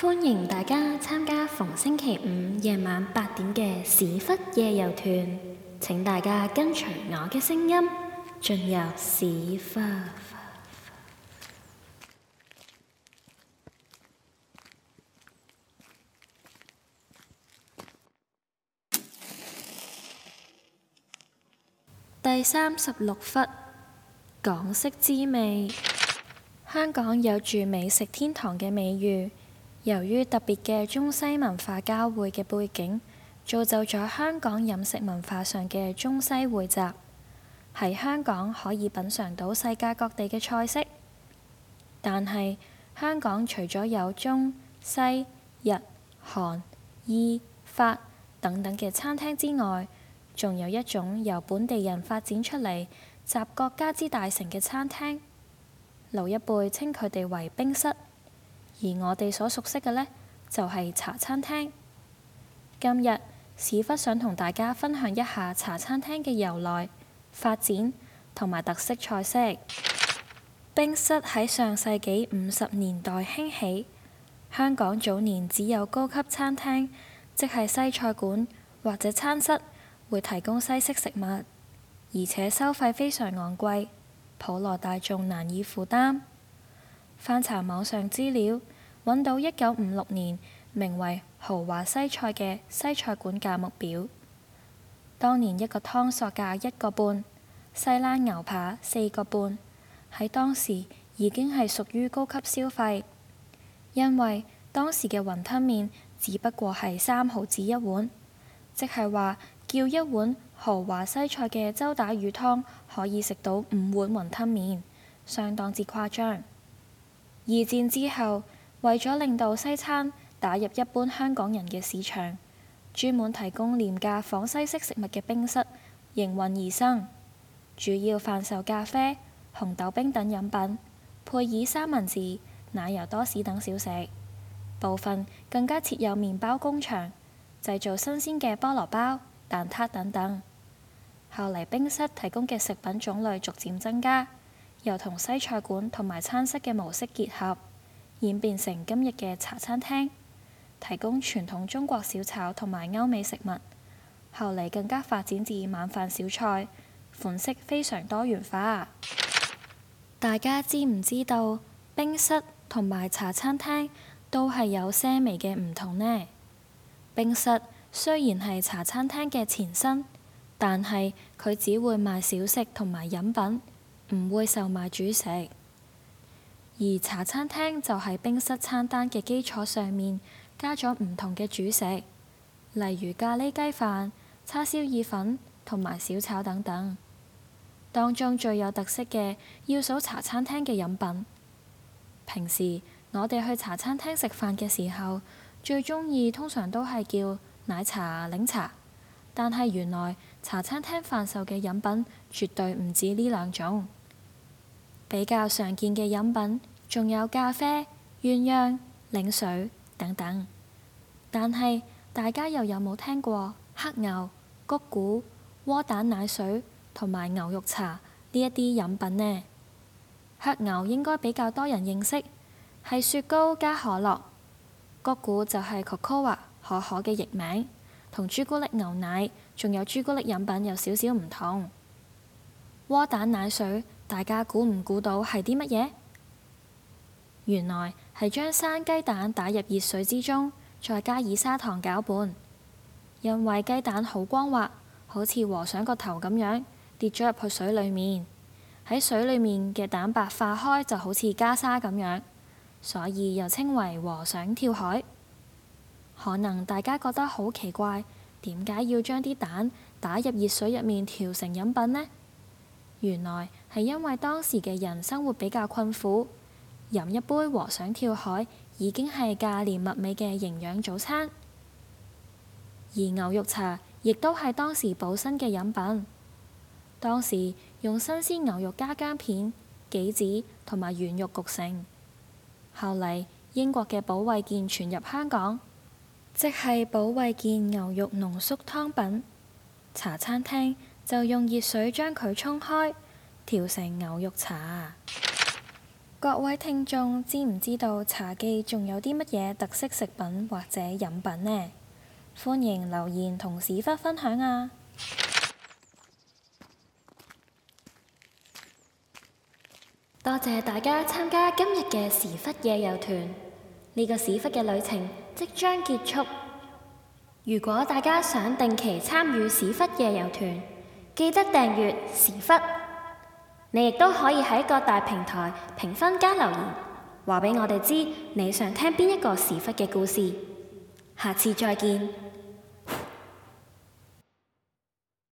歡迎大家參加逢星期五晚夜晚八點嘅屎忽夜遊團。請大家跟隨我嘅聲音進入屎忽。 第三十六窟，港式滋味。香港有住美食天堂嘅美譽。由於特別嘅中西文化交匯嘅背景，造就咗香港飲食文化上嘅中西匯集，喺香港可以品嚐到世界各地嘅菜式。但係香港除咗有中西日韓意法等等嘅餐廳之外，仲有一種由本地人發展出嚟，集各家之大成嘅餐廳，老一輩稱佢哋為冰室。而我哋所熟悉嘅呢，就係茶餐廳。今日史窟想同大家分享一下茶餐廳嘅由來、發展同埋特色菜式。冰室喺上世紀五十年代興起。香港早年只有高級餐廳，即係西菜館或者餐室，會提供西式食物，而且收費非常昂貴，普羅大眾難以負擔。翻查網上資料，揾到一九五六年，名為豪華西菜嘅西菜館價目表。當年一個湯索價一個半，西冷牛扒四個半，喺當時已經係屬於高級消費。因為當時嘅雲吞麵只不過係三毫子一碗，即係話叫一碗豪華西菜嘅周打魚湯，可以食到五碗雲吞麵，相當之誇張。二戰之後，為咗令到西餐打入一般香港人嘅市場，專門提供廉價仿西式食物嘅冰室應運而生，主要販售咖啡、紅豆冰等飲品，配以三文治、奶油多士等小食，部分更加設有麵包工場，製造新鮮嘅菠蘿包、蛋撻等等。後嚟，冰室提供嘅食品種類逐漸增加。又同西菜館同埋餐室嘅模式結合，演變成今日嘅茶餐廳，提供傳統中國小炒同埋歐美食物。後嚟更加發展至晚飯小菜，款式非常多元化。大家知唔知道冰室同埋茶餐廳都係有些微嘅唔同呢？冰室雖然係茶餐廳嘅前身，但係佢只會賣小食同埋飲品。唔會售賣主食，而茶餐廳就係冰室餐單嘅基礎上面加咗唔同嘅主食，例如咖喱雞飯、叉燒意粉同埋小炒等等。當中最有特色嘅要數茶餐廳嘅飲品。平時我哋去茶餐廳食飯嘅時候，最鍾意通常都係叫奶茶、檸茶，但係原來茶餐廳販售嘅飲品絕對唔止呢兩種。比較常見嘅飲品，仲有咖啡、鴛鴦、檸水等等。但係大家又有冇聽過黑牛、谷古、窩蛋奶水同埋牛肉茶呢一啲飲品呢？黑牛應該比較多人認識，係雪糕加可樂。谷古就係 cocoa 可可嘅譯名，同朱古力牛奶，仲有朱古力飲品有少少唔同。窩蛋奶水。大家估唔估到係啲乜嘢？原來係將生雞蛋打入熱水之中，再加以砂糖攪拌。因為雞蛋好光滑，好似和尚個頭咁樣，跌咗入去水裡面，喺水裡面嘅蛋白化開，就好似袈裟咁樣，所以又稱為和尚跳海。可能大家覺得好奇怪，點解要將啲蛋打入熱水入面調成飲品呢？原來係因為當時嘅人生活比較困苦，飲一杯和尚跳海已經係價廉物美嘅營養早餐，而牛肉茶亦都係當時補身嘅飲品。當時用新鮮牛肉加薑片、杞子同埋圓肉焗成。後嚟英國嘅保衛健傳入香港，即係保衛健牛肉濃縮湯品茶餐廳。就用熱水將佢沖開，調成牛肉茶。各位聽眾知唔知道茶記仲有啲乜嘢特色食品或者飲品呢？歡迎留言同史窟分享啊！多謝大家參加今日嘅史窟夜遊團。呢、呢個史窟嘅旅程即將結束，如果大家想定期參與史窟夜遊團，記得訂閱史窟，你亦都可以喺各大平台評分加留言，話俾我哋知你想聽邊一個史窟嘅故事。下次再見。